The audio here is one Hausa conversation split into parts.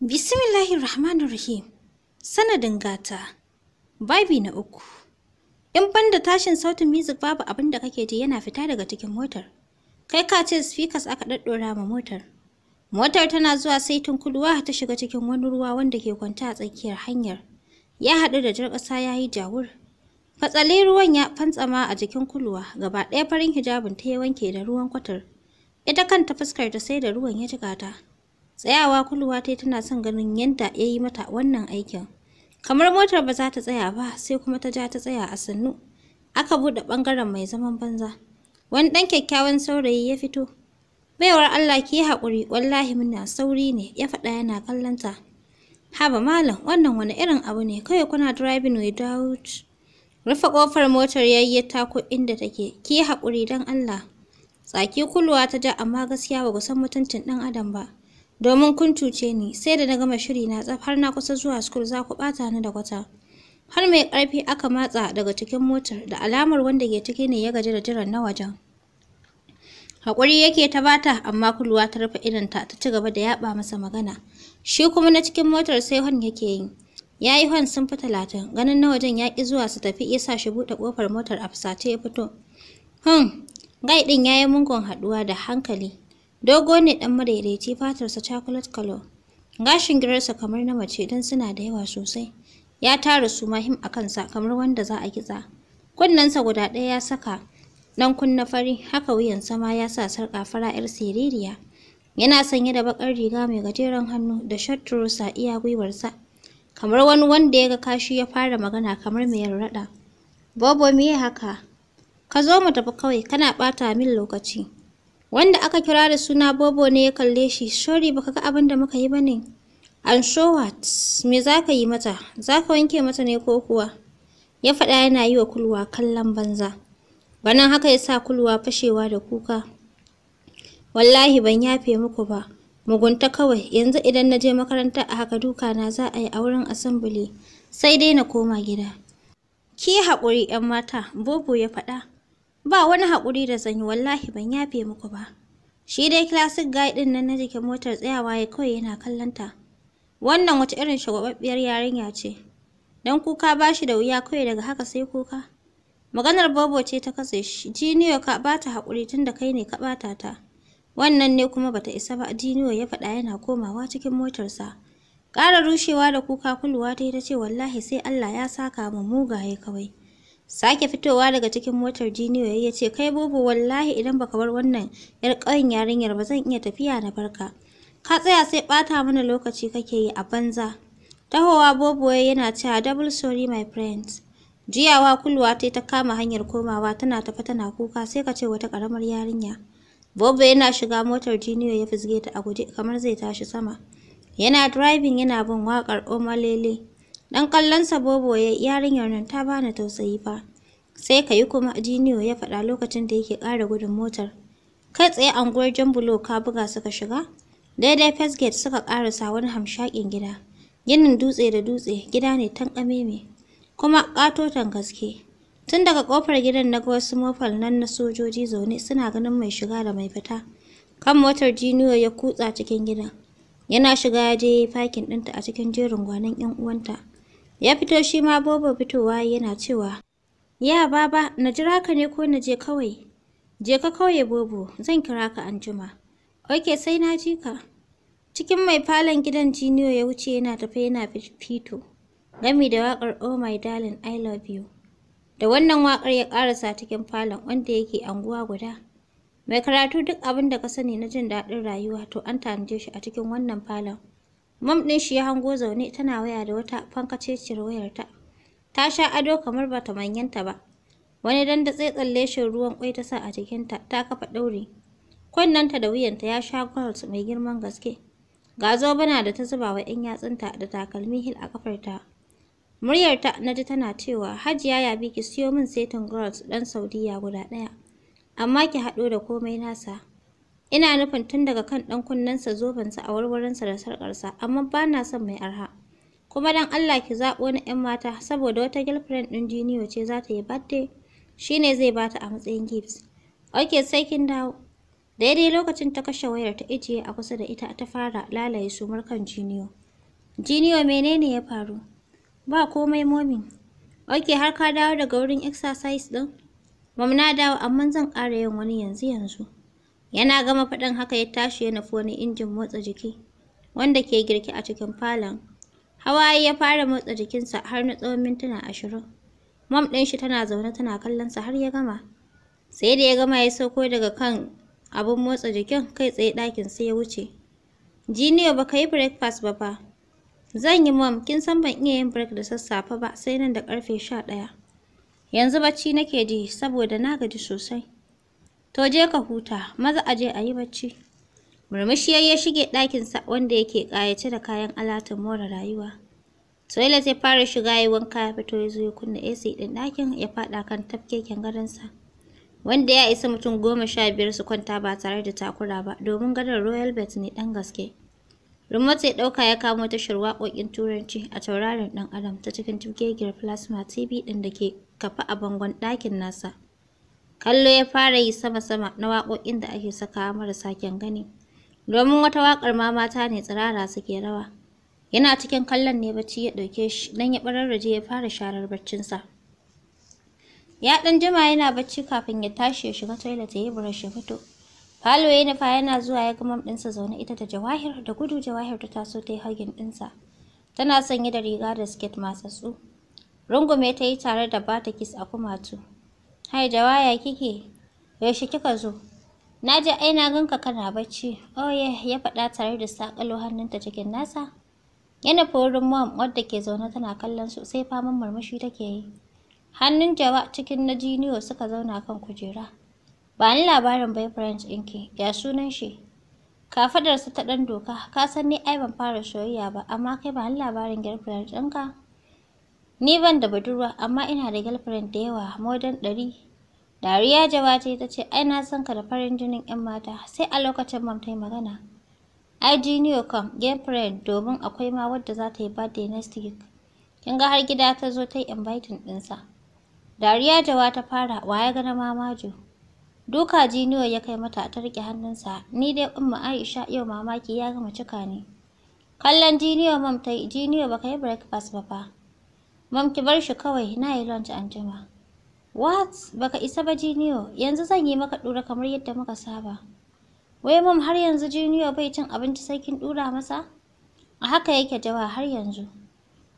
Bismillahir Rahmanir Rahim. Sanadin gata. Babi na uku. In banda tashin sautin music babu abin da kake ji yana fita daga cikin motar. Kai ka ce speakers aka daddora ma motar. Motar tana zuwa sai tunkuluwa ta shiga cikin wani ruwa wanda ke kwanta a tsakiyar hanyar. Ya haɗu da jar ƙasa ya yi jawur. Fatsale ruwan ya fantsama a jikin kuluwa, gaba ɗaya farin hijabin ta ya wanke da ruwan kwatar. Ita kanta fuskar ta sai da ruwan ya jigata. ta. Tsayawa kulwa ta tana son ganin yadda ya yi mata wannan aikin. Kamar motar ba za ta tsaya ba sai kuma ta ja ta tsaya a sannu. Aka buɗe ɓangaren mai zaman banza. Wani ɗan kyakkyawan saurayi ya fito. Baiwar Allah ki yi haƙuri wallahi muna sauri ne ya faɗa yana kallonta. Haba malam wannan wani irin abu ne kawai kuna driving without rufe ƙofar motar yi ta ko inda take ki hakuri haƙuri don Allah. Tsaki kulwa ta ja amma gaskiya ba ku san mutuncin ɗan adam ba. Domin kun cuce ni, sai da na gama shiri na tsaf har na kusa zuwa school za ku bata ni da kwata. Har mai ƙarfi aka matsa daga cikin motar da alamar wanda ke ciki ne ya gaji da jiran na wajen. Haƙuri yake ta bata amma kulwa ta rufe idan ta ta ci gaba da yaɓa masa magana. Shi kuma na cikin motar sai hon yake yi. Ya yi hon sun fi talatin, ganin na wajen ya ƙi zuwa su tafi ya sa shi buɗe ƙofar motar a fusace ya fito. Hon, hmm, gai ɗin ya yi mungon haɗuwa da hankali. Dogo ne ɗan madaidaici fatarsa chocolate color. Gashin girarsa kamar na mace don suna da yawa sosai. Ya tara su mahim a kansa kamar wanda za a kitsa. Kunnensa guda ɗaya ya saka ɗan kunna fari, haka wuyansa ma ya sa sarƙa fara 'yar siririya. Yana sanye da baƙar riga mai gajeren hannu da short a iya gwiwarsa. Kamar wani wanda ya ga kashi ya fara magana kamar mai yarraɗa. Bobo me haka? Ka zo mu tafi kawai kana ɓata min lokaci. Wanda aka kira da suna Bobo ne ya kalle shi, "Sorry, baka ga abin da muka yi ba ne?" "And Me za ka yi mata? Za ka wanke mata ne ko kuwa?" Ya faɗa yana yi wa kulwa kallon banza. Banan haka ya sa kulwa fashewa da kuka. Wallahi ban yafe muku ba. Mugunta kawai, yanzu idan na je makaranta a haka duka na za a yi a wurin asambili, sai dai na koma gida. Ki haƙuri 'yan mata, Bobo ya faɗa. Ba wani haƙuri da zan yi wallahi ban yafe muku ba. Shi dai classic guy ɗin nan na jikin motar tsayawa ya kawai yana kallon ta. Wannan wata irin shagwababbiyar yarinya ce. Dan kuka bashi da wuya kawai daga haka sai kuka. Maganar Bobo ce ta katse shi. Jiniyo ka bata haƙuri tun da kai ne ka bata ta. Wannan ne kuma bata isa ba Jiniyo ya faɗa yana komawa cikin motarsa. Ƙara rushewa da kuka kulluwa ta yi ta ce wallahi sai Allah ya saka mu mugaye kawai. Sake fitowa daga cikin motar Jiniyo ya ce, Kai bobo wallahi idan baka bar wannan 'yar ƙauyen yarinyar ba zan iya tafiya na barka. Ka tsaya sai ɓata mana lokaci kake yi a banza. Tahowa bobo yana cewa double sorry my friends. Jiyawa kulwa ta ta kama hanyar komawa tana tafi tana kuka sai ka ce wata ƙaramar yarinya. Bobo yana shiga motar Jiniyo ya fizge ta a guje kamar zai tashi sama. Yana driving yana bin waƙar Omalele. Dan kallonsa Bobo ya yarinyar nan ta bani tausayi fa. Sai ka yi kuma Jiniyo ya faɗa lokacin da yake ƙara gudun motar. Kai tsaye anguwar Jambulo ka buga suka shiga. Daidai First Gate suka ƙarasa wani hamshakin gida. Ginin dutse da dutse gida ne tankame me. Kuma ƙatotan gaske. Tun daga ƙofar gidan na ga wasu mofal nan na sojoji zaune suna ganin mai shiga da mai fita. Kan motar Jiniyo ya kutsa cikin gidan. Yana shiga ya je fakin ɗinta a cikin jerin gwanin 'yan uwanta. Ya fito shi ma bobo fitowa yana cewa, Ya baba, na jira ka ne ko na je kawai? Je ka kawai bobo, zan kira ka anjima. Oke sai na ji ka. Cikin mai falon gidan jiniyo ya wuce yana tafe yana fito. Gami da waƙar Oh My Darling I Love You. Da wannan waƙar ya ƙarasa cikin falon wanda yake anguwa guda. Mai karatu duk abin da ka sani na jin daɗin rayuwa to an tanade shi a cikin wannan falon. Mam ɗin shi ya hango zaune tana waya da wata fankaceciyar wayarta. Ta sha ado kamar ba ta manyanta ba. Wani dandatse shi ruwan kwai ta sa a jikinta ta kafa ɗauri. Kunnenta da wuyanta ya sha gwalt mai girman gaske. Ga bana da ta zuba wa ‘yan yatsunta da takalmi hil a kafarta. Muryarta na ji tana cewa Hajiya ya bi ki siyo min setin gwalt ɗan Saudiya guda ɗaya. Amma ki haɗo da komai nasa. Ina nufin tun daga kan ɗan kunnensa, zobensa, sa da sarƙarsa, amma ba na son mai arha. Kuma don Allah ki zaɓo na 'yan mata, saboda wata girlfriend ɗin Jiniyo ce za ta yi birthday, shi ne zai bata a matsayin gifts. Ok, sai kin dawo. Daidai lokacin ta kashe wayar ta ijiye a kusa da ita ta fara lalaye sumar kan Jiniyo. Jiniyo menene ya faru? Ba komai momi. Ok, har ka dawo daga wurin exercise ɗin? Mam na dawo, amma zan ƙara yin wani yanzu yanzu. Yana gama faɗin haka ya tashi ya nufi wani injin motsa jiki wanda ke girki a cikin falon. Hawaye ya fara motsa jikinsa har na tsawon mintuna ashirin. Mom ɗin shi tana zaune tana kallonsa har ya gama. Sai da ya gama ya sauko daga kan abun motsa jikin kai tsaye ɗakin sai ya wuce. Jiniyo baka yi breakfast ba fa. Zan yi mom, kin san ban iya yin break da sassafe ba sai nan da ƙarfe sha ɗaya. Yanzu bacci nake ji saboda na gaji sosai. To je ka huta, maza a je a yi bacci. Murmushi ya shige ɗakinsa wanda yake ƙayace da kayan alatun more rayuwa. Toilet ya fara shiga ya wanka ya fito ya zo ya kunna AC ɗin ɗakin ya faɗa kan tafkeken gadonsa. Wanda ya isa mutum goma sha biyar su kwanta ba tare da takura ba domin gadon Royal Bet ne ɗan gaske. Remote ya ɗauka ya kamo tashar waƙoƙin Turanci a tauraron ɗan Adam ta cikin tufkegiyar plasma TV ɗin da ke kafa a bangon ɗakin nasa. kallo ya fara yi sama-sama na waƙoƙin da ake sakawa marasa kyan gani domin wata waƙar ma mata ne tsirara suke rawa yana cikin kallon ne bacci ya ɗauke shi don ya ɓararraje ya fara sharar baccinsa ya ɗan jima yana bacci kafin ya tashi ya shiga toilet ya yi brush fito falo ya nufa yana zuwa ya gama ɗinsa zaune ita da jawahir da gudu jawahir ta taso ta yi hagin ɗinsa tana sanye da riga da siket tsu rungume ta yi tare da bata kis a kumatu Hai jawaya kike? Yaushe kika zo? Na ji ai na ganka kana bacci. Oye oh, ya faɗa tare da sakalo hannunta cikin nasa. Yana furin mom wadda ke zaune tana kallon su sai faman murmushi take yi. Hannun jawa cikin na jiniyo suka zauna kan kujera. Ba ni labarin boyfriend ɗinki, ya sunan shi? ka su ta ɗan doka, ka san ni ai ban fara soyayya ba, amma kai ba ni labarin girlfriend ɗinka? Ni ban da budurwa amma ina da girlfriend da yawa modern ɗari. Dariya jawace ta ce ai na san ka da farin jinin 'yan mata sai a lokacin mam ta yi magana. Ai junior kam girlfriend domin akwai ma wadda za ta yi birthday next week. Kin ga har gida ta zo ta yi inviting ɗinsa. Dariya Jawa ta fara waya ga na mamajo. Duka jiniyo ya kai mata ta rike hannunsa, ni dai umma Aisha yau mamaki ya gama cika ni. Kallon jiniyo mam ta yi, jiniyo ba ka yi breakfast ba fa. Mam ki bar shi kawai na yi lunch an jima. What? Baka isa ba Jiniyo, yanzu zan yi maka dura kamar yadda muka saba. Wai mam har yanzu jinio bai cin abinci sai kin ɗura masa? A haka yake jawa har yanzu.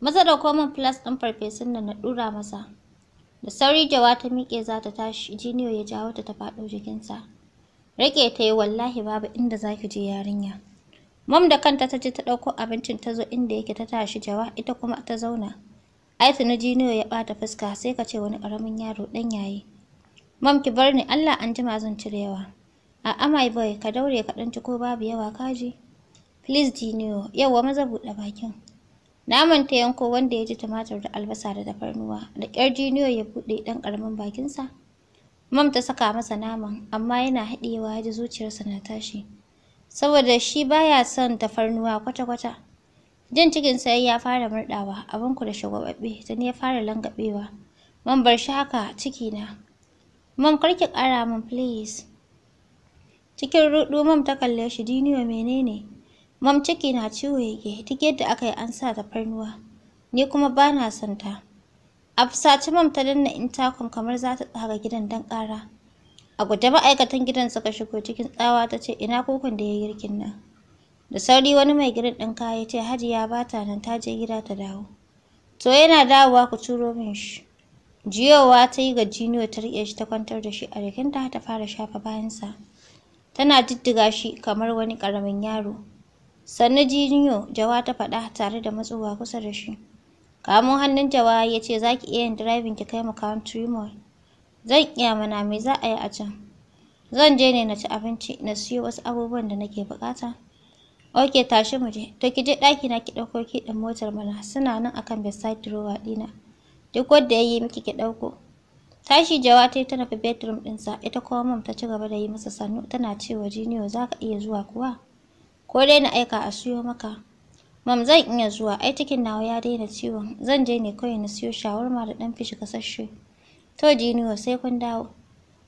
Maza da mam plus ɗin farfesun nan na dura masa. Da sauri jawa ta miƙe za ta tashi, Jiniyo ya jawo ta ta faɗo jikinsa. Rike ta yi wallahi babu inda zaki je yarinya. Mam da kanta ta je ta ɗauko abincin ta zo inda yake ta tashi jawa ita kuma ta zauna. ai tuni jiniyo ya ɓata fuska sai ka ce wani ƙaramin yaro ɗan yayi mam ki bar ni allah an jima zan cire yawa a'a my boy ka daure ka ɗan ko babu yawa kaji please jiniyo yawa maza buɗe bakin Na manta yanko wanda ya ji tumatir da albasa da tafarnuwa da ƙyar jiniyo ya buɗe ɗan ƙaramin bakinsa mam ta saka masa naman amma yana haɗiyewa ya ji zuciyarsa na tashi saboda shi baya son tafarnuwa kwata-kwata Jin cikin sai ya fara murɗawa, abin ku da shagwababbe, tuni ya fara langabewa. Mam bar shi haka ciki na. Mam karki ki ƙara min please. Cikin ruɗu mam ta kalle shi diniyo menene? Mam ciki na ciwo yake, duk yadda aka yi an sa farnuwa. Ni kuma ba na son ta. A fusace mam ta danna intakon kamar za ta tsaga gidan dan kara. A guje ma'aikatan gidan suka shigo cikin tsawa ta ce ina kukun da ya girkin nan. Da sauri wani mai girin ɗin kaya ya ce Hajiya ba ta nan ta je gida ta dawo. To yana dawowa ku turo min shi. Jiyowa ta yi ga Jiniyo ta riƙe shi ta kwantar da shi a jikinta ta fara shafa bayansa. Tana diddiga shi kamar wani ƙaramin yaro. Sannu Jiniyo Jawa ta faɗa tare da matsowa kusa da shi. Kamun hannun Jawa ya ce za ki iya yin direbin ki kai mu country mall. Zan iya mana me za a yi a can. Zan je ne na ci abinci na siyo wasu abubuwan da nake buƙata. ok tashi mu je to ki je ɗaki na ki ɗauko ki ɗin motar mana suna nan akan bedside drawer ɗina duk wanda ya yi miki ki ɗauko tashi jawa ta ta nufi bedroom ɗinsa ita kuma mom ta ci gaba da yi masa sannu tana cewa jiniyo za ka iya zuwa kuwa ko dai na aika a siyo maka Mam zan iya zuwa, ai cikin nawa ya daina ciwon. Zan je ne kawai na siyo shawarma da ɗan fishi kasashe. To Jiniyo sai kun dawo.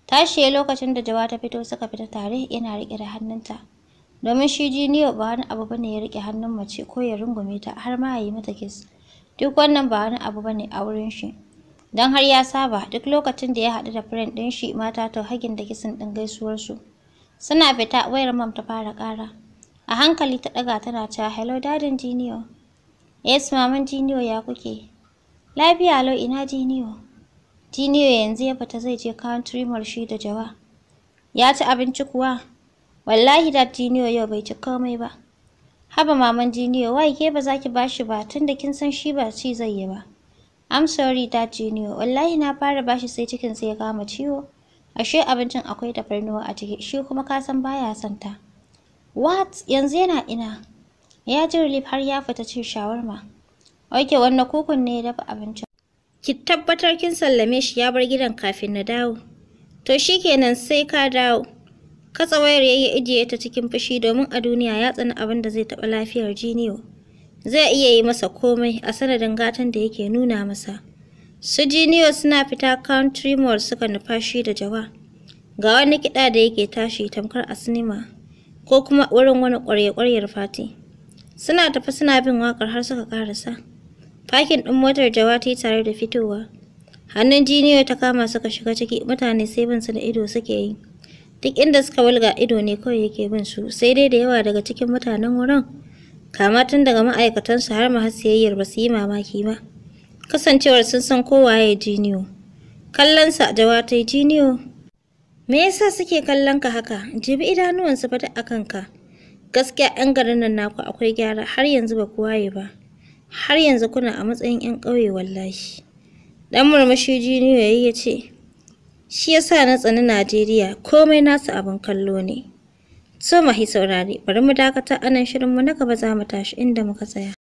Tashi lokacin da Jawa ta fito suka fita tare yana riƙe da hannunta. domin shi jiniyo ba wani abu bane ya rike hannun mace ko ya rungume ta har ma ya yi mata kiss duk wannan ba wani abu bane a wurin shi dan har ya saba duk lokacin da ya haɗu da friend din shi mata ta hagin da kisan ɗin su suna fita wayar mam ta fara kara a hankali ta ɗaga tana cewa hello dadin jiniyo yes maman jiniyo ya kuke lafiya lo ina jiniyo jiniyo yanzu ya fita zai je country shi da jawa ya ci abinci kuwa Wallahi da Jiniyo yau bai ci komai ba. Haba maman Jiniyo, wai ke ba za ki bashi ba tunda kin san shi ba ci zai yi ba. I'm sorry da Jiniyo, wallahi na fara bashi sai cikin sai ya kama ciwo. Ashe abincin akwai da farnuwa a ciki, shi kuma ka san baya son ta. What? Yanzu yana ina? Ya ji relief har ya fita cin shawarma. Oke, wannan kukun ne ya dafa abincin. Ki tabbatar kin sallame shi ya bar gidan kafin na dawo. To shikenan sai ka dawo. Katsa wayar ya yi ijiye ta cikin fushi domin a duniya ya tsani abin da zai taɓa lafiyar jiniyo. Zai iya yi masa komai a sanadin gatan da yake nuna masa. Su jiniyo suna fita country mall suka nufashi da jawa. Ga wani kiɗa da yake tashi tamkar a sinima ko kuma wurin wani ƙwarya-ƙwaryar fati. Suna tafi suna bin waƙar har suka ƙarasa. Fakin ɗin motar jawa ta yi tare da fitowa. Hannun jiniyo ta kama suka shiga ciki mutane sai bin su da ido suke yi. duk inda suka walga ido ne kawai yake bin su sai dai da yawa daga cikin mutanen wurin kama tun daga ma'aikatansu har mahasiyayyar ba su yi mamaki ba kasancewar sun san kowaye jiniyo kallonsa jawatai jiniyo me yasa suke kallon ka haka jibi idanuwansu fata akan ka. gaskiya 'yan garin nan naku akwai gyara har yanzu ba ku waye ba har yanzu kuna a matsayin 'yan ƙauye wallahi ɗan murmushi jiniyo yayi ya ce Shi yasa na tsani Najeriya komai nasu abin kallo ne. So mahi saurari, bari mu dakata anan shirinmu na gaba za mu tashi inda muka tsaya.